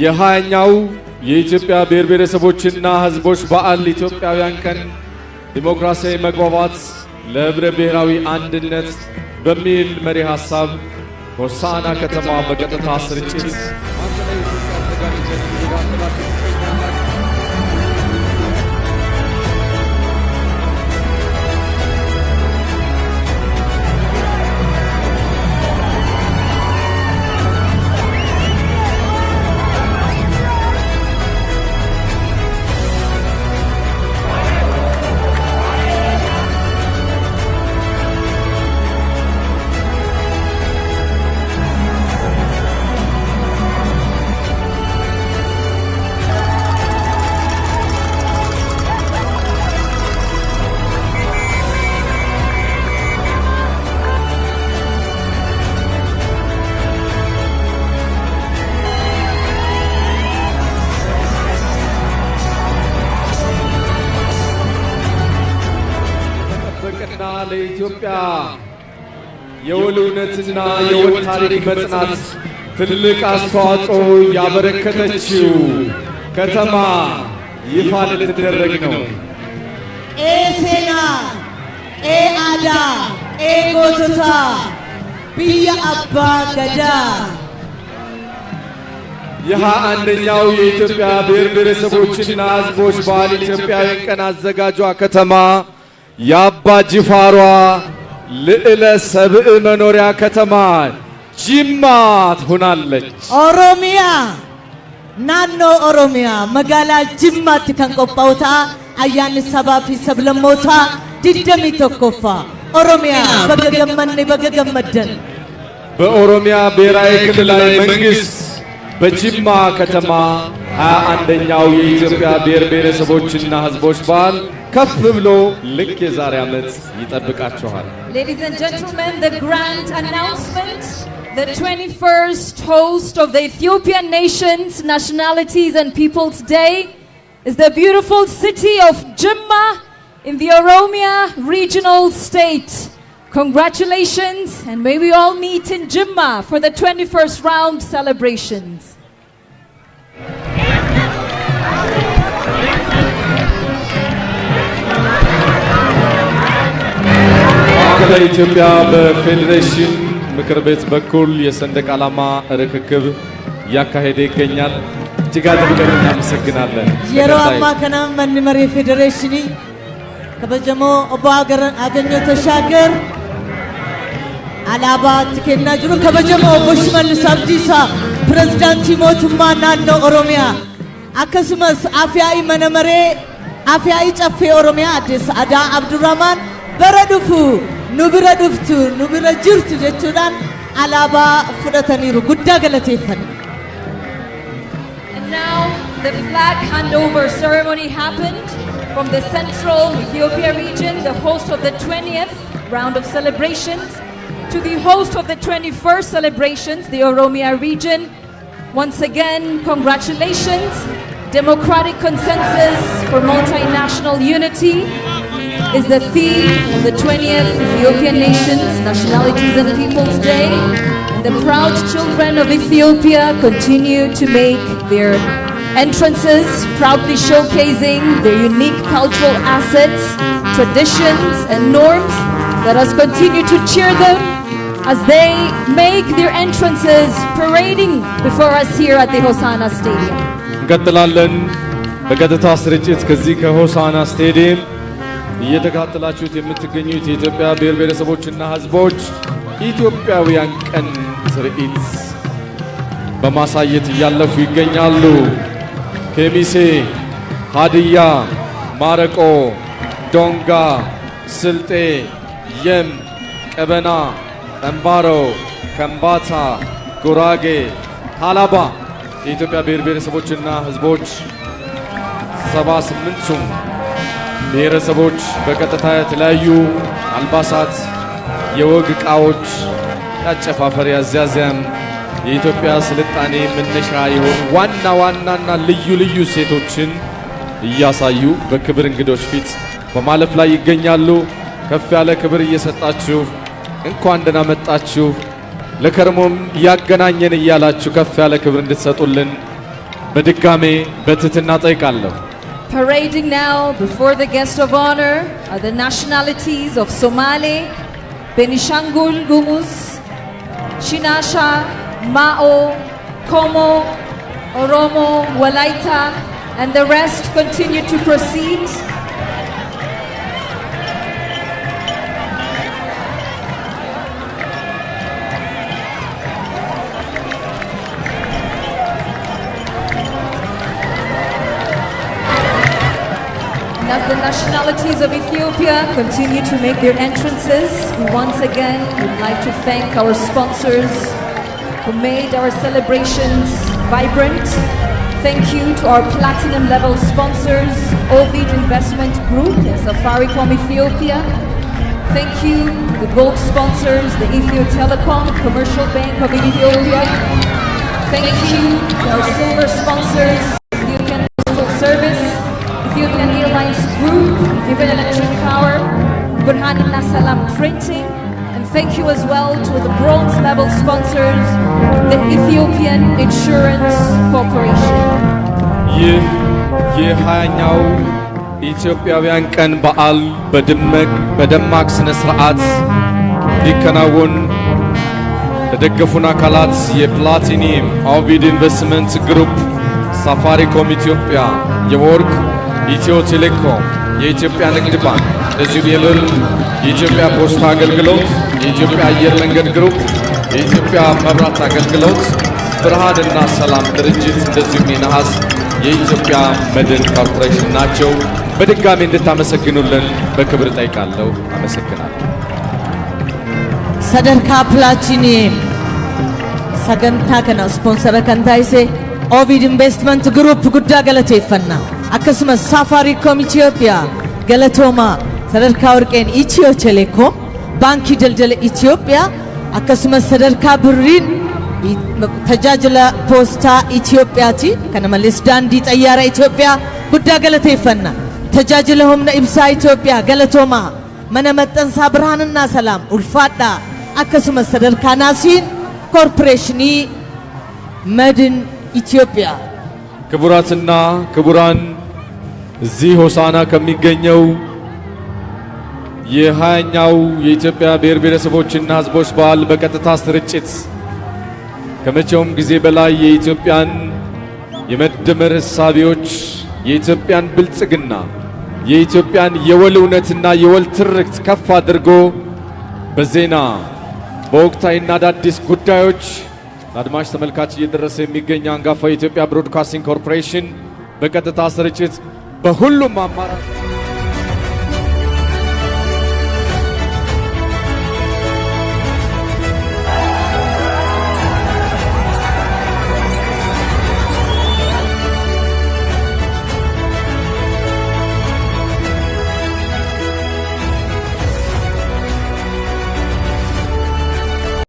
የሃያኛው የኢትዮጵያ ብሔር ብሔረሰቦችና ሕዝቦች በዓል ኢትዮጵያውያን ቀን ዲሞክራሲያዊ መግባባት ለህብረ ብሔራዊ አንድነት በሚል መሪ ሐሳብ ሆሳዕና ከተማ በቀጥታ ስርጭት ለኢትዮጵያ የወል እውነትና የወል ታሪክ መጽናት ትልቅ አስተዋጽኦ ያበረከተችው ከተማ ይፋ ልትደረግ ነው። ቄ ሴና ቄ አዳ ቄ ጎቶታ ብየ አባ ገዳ ይህ አንደኛው የኢትዮጵያ ብሔር ብሔረሰቦችና ሕዝቦች በዓል ኢትዮጵያውያን ቀን አዘጋጇ ከተማ የአባ ጅፋሯ ልዕለ ሰብእ መኖሪያ ከተማ ጅማ ትሆናለች። ኦሮሚያ ናኖ ኦሮሚያ መጋላ ጅማት ከንቆጳውታ አያን ሰባፊ ሰብለሞታ ድደሚ ተኮፋ ኦሮሚያ በገገመን በገገመደን በኦሮሚያ ብሔራዊ ክልላዊ መንግስት በጅማ ከተማ 21ኛው የኢትዮጵያ ብሔር ብሔረሰቦችና ሕዝቦች በዓል ከፍ ብሎ ልክ የዛሬ ዓመት ይጠብቃችኋል። Ladies and gentlemen, the grand announcement, the 21st host of the Ethiopian nations, nationalities and peoples day is the beautiful city of Jimma in the Oromia regional state. Congratulations and may we all meet in Jimma for the 21st round celebrations. በኢትዮጵያ ኢትዮጵያ በፌዴሬሽን ምክር ቤት በኩል የሰንደቅ ዓላማ ርክክብ እያካሄደ ይገኛል። እጅግ አድርገን እናመሰግናለን። የሮ አማ ከናም መንመር የፌዴሬሽኒ ከበጀሞ ኦቦ አገኘ ተሻገር አላባ ትኬና ጅሩ ከበጀሞ ኦቦ ሽመልስ አብዲሳ ፕሬዝዳንት ቲሞቱማ ናኖ ኦሮሚያ አከስመስ አፍያኢ መነመሬ አፍያኢ ጨፌ ኦሮሚያ አዲስ አዳ አብዱራማን በረዱፉ nubira duftu nubira jirtu jechuudhaan alaabaa fudhataniiru guddaa galateeffanna. Now the flag handover ceremony happened from the central Ethiopia region, the host of the 20th round of celebrations, to the host of the 21st celebrations, the Oromia region. Once again, congratulations. Democratic consensus for multinational unity is the theme of the 20th Ethiopian Nations, Nationalities and Peoples Day. And the proud children of Ethiopia continue to make their entrances, proudly showcasing their unique cultural assets, traditions, and norms. Let us continue to cheer them as they make their entrances parading before us here at the Hosanna Stadium. እንቀጥላለን። በቀጥታ ስርጭት ከዚህ ከሆሳና ስቴዲየም እየተካተላችሁት የምትገኙት የኢትዮጵያ ብሔር ብሔረሰቦችና ሕዝቦች ኢትዮጵያውያን ቀን ትርኢት በማሳየት እያለፉ ይገኛሉ። ኬሚሴ፣ ሀድያ፣ ማረቆ፣ ዶንጋ፣ ስልጤ፣ የም፣ ቀበና፣ ጠንባሮ፣ ከምባታ፣ ጉራጌ፣ ሀላባ የኢትዮጵያ ብሔር ብሔረሰቦችና ሕዝቦች ሰባ ስምንቱም ብሔረሰቦች በቀጥታ የተለያዩ አልባሳት፣ የወግ ዕቃዎች፣ የአጨፋፈር አዝያዚያም የኢትዮጵያ ስልጣኔ መነሻ የሆኑ ዋና ዋናና ልዩ ልዩ ሴቶችን እያሳዩ በክብር እንግዶች ፊት በማለፍ ላይ ይገኛሉ። ከፍ ያለ ክብር እየሰጣችሁ እንኳን ደህና መጣችሁ ለከርሞም እያገናኘን እያላችሁ ከፍ ያለ ክብር እንድትሰጡልን በድጋሜ በትህትና ጠይቃለሁ። parading now before the guest of honor are the nationalities of Somali, Benishangul Gumus, Chinasha, Mao, Como, Oromo, Walaita, and the rest continue to proceed. as the nationalities of Ethiopia continue to make their entrances, we once again would like to thank our sponsors who made our celebrations vibrant. Thank you to our platinum level sponsors, Ovid Investment Group and Safaricom Ethiopia. Thank you to the gold sponsors, the Ethio Telecom Commercial Bank of Ethiopia. Thank you to our silver sponsors, Ethiopian Postal Service. ኢትዮጵያ ኤርላይንስ ግሩፕ ኢትዮጵያ ኤሌክትሪክ ፓወር ብርሃንና ሰላም ፕሪንቲንግ And thank you as well to the bronze medal sponsors, the Ethiopian Insurance Corporation. ይህ የሃያኛው የኢትዮጵያውያን ቀን በዓል በድምቅ በደማቅ ስነ ስርዓት ሊከናወን ለደገፉን አካላት የፕላቲኒየም አውቪድ ኢንቨስትመንት ግሩፕ፣ ሳፋሪኮም ኢትዮጵያ፣ የወርቅ ኢትዮ ቴሌኮም፣ የኢትዮጵያ ንግድ ባንክ፣ እንደዚሁም የብር፣ የኢትዮጵያ ፖስታ አገልግሎት፣ የኢትዮጵያ አየር መንገድ ግሩፕ፣ የኢትዮጵያ መብራት አገልግሎት፣ ብርሃንና ሰላም ድርጅት እንደዚሁም የነሐስ የኢትዮጵያ መድን ኮርፖሬሽን ናቸው። በድጋሚ እንድታመሰግኑልን በክብር ጠይቃለሁ። አመሰግናለሁ። ሰደርካ ፕላቺኒ ሰገንታ ከነ ስፖንሰረ ከንታይሴ ኦቪድ ኢንቨስትመንት ግሩፕ ጉዳ ገለቴ ይፈና akkasumas saafaariikoom Itoophiyaa galatoomaa sadarkaa warqeen Itiyoo Teleekoom baankii daldala Itoophiyaa akkasumas sadarkaa birriin tajaajila poostaa Itoophiyaati kana malees daandii xayyaara Itoophiyaa guddaa galateeffanna tajaajila humna ibsaa Itoophiyaa galatoomaa mana maxxansaa birhaanannaa salaam ulfaadhaa akkasumas sadarkaa naasiin ኮርፖሬሽኒ madin ኢትዮጵያ ክቡራትና ክቡራን እዚህ ሆሳና ከሚገኘው የሃያኛው የኢትዮጵያ ብሔር ብሔረሰቦችና ሕዝቦች በዓል በቀጥታ ስርጭት ከመቼውም ጊዜ በላይ የኢትዮጵያን የመደመር ሕሳቤዎች የኢትዮጵያን ብልጽግና የኢትዮጵያን የወል እውነትና የወል ትርክት ከፍ አድርጎ በዜና በወቅታዊና አዳዲስ ጉዳዮች ለአድማጭ ተመልካች እየደረሰ የሚገኝ አንጋፋ የኢትዮጵያ ብሮድካስቲንግ ኮርፖሬሽን በቀጥታ ስርጭት በሁሉም አማራ